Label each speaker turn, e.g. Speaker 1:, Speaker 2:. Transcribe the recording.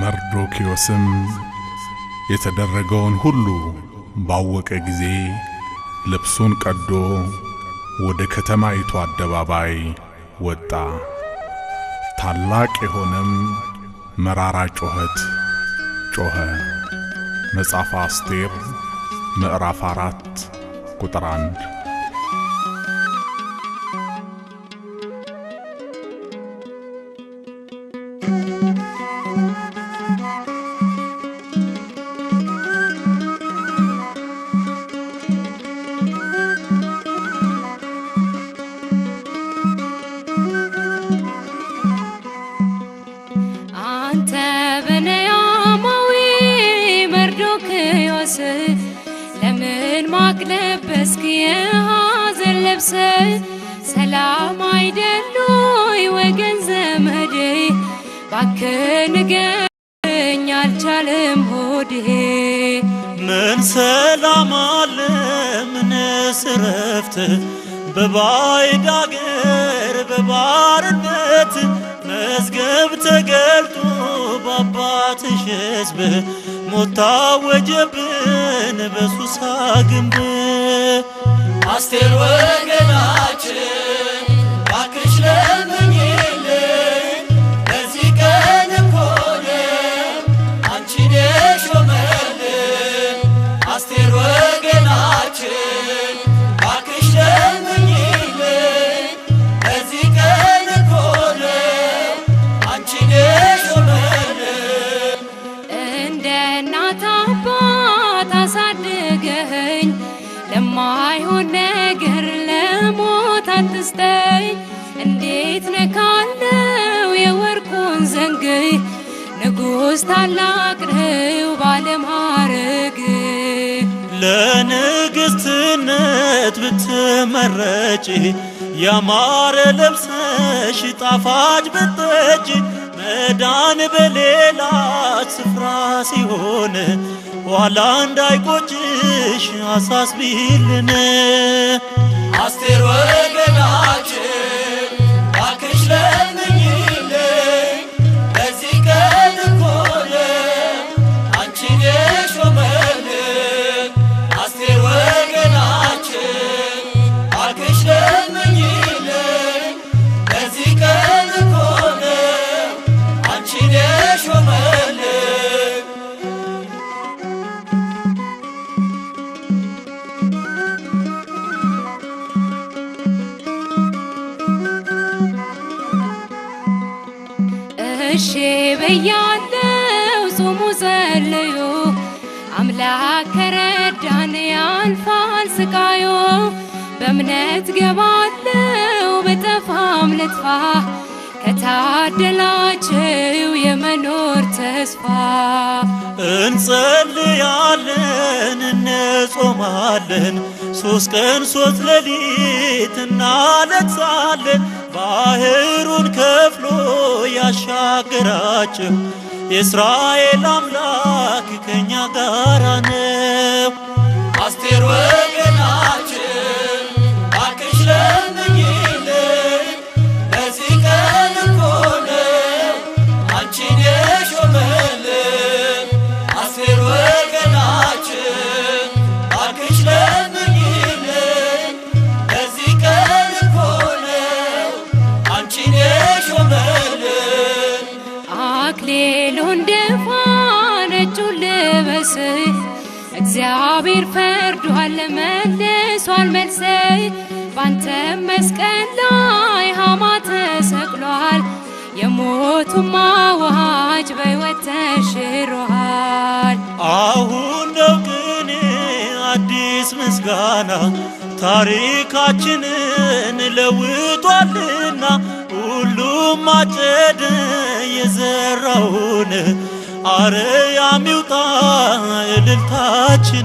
Speaker 1: መርዶኪዎስም የተደረገውን ሁሉ ባወቀ ጊዜ ልብሱን ቀዶ ወደ ከተማይቱ አደባባይ ወጣ። ታላቅ የሆነም መራራ ጮኸት ጮኸ። መጽሐፈ አስቴር ምዕራፍ አራት ቁጥር አንድ
Speaker 2: ለብሰ ሰላም አይደሉይ ወገን ዘመዴ ባከንገኝ አልቻለም ሆዴ
Speaker 3: ምን ሰላም አለ ምን ስረፍት በባዕድ አገር በባርነት መዝገብ ተገልጦ በአባትሽ ሕዝብ ሞት ታወጀብን በሱሳ ግንብ
Speaker 4: አስቴር ወገናችን
Speaker 2: ባይሆን ነገር ለሞት አትስጠኝ። እንዴት ነካለው የወርቁን ዘንግ ንጉሥ ታላቅ ነው ባለማዕረግ
Speaker 3: ለንግሥትነት ብትመረጭ ያማረ ለብሰሽ ጣፋጭ ብጠጅ መዳን በሌላ ስፍራ ሲሆን ኋላ እንዳይቆጭሽ አሳስቢልን
Speaker 4: አስቴር ወገናችን
Speaker 2: እሺ በያለው ጹሙ ጸልዩ አምላክ ከረዳን ያልፋል ስቃዩ በእምነት ገባለው በጠፋም ልጥፋ ከታደላችው የመኖር ተስፋ
Speaker 3: እንጸልያለን እንጾማለን ሶስት ቀን ሶስት ሌሊት እናለቅሳለን። ባህሩን ከፍሎ ያሻገራቸው የእስራኤል አምላክ ከእኛ ጋር ነው።
Speaker 2: እግዚአብሔር ፈርዶሃል መልሷል መልሰይ ባንተ መስቀል ላይ ሐማ ተሰቅሏል የሞቱማ ዋጅ በሕይወት ተሽሮሃል
Speaker 3: አሁን ነው ግን አዲስ ምስጋና ታሪካችንን ለውጧልና ሁሉም አጨደ የዘራውን አርያም ይውጣ እልልታችን